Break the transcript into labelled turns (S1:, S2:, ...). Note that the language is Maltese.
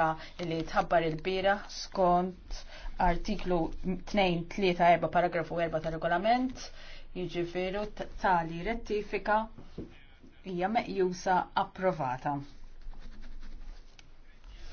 S1: politika li tħabbar il-bira skont artiklu 2-3-4 paragrafu 4 ta' regolament jiġifiru tali rettifika hija meqjusa approvata.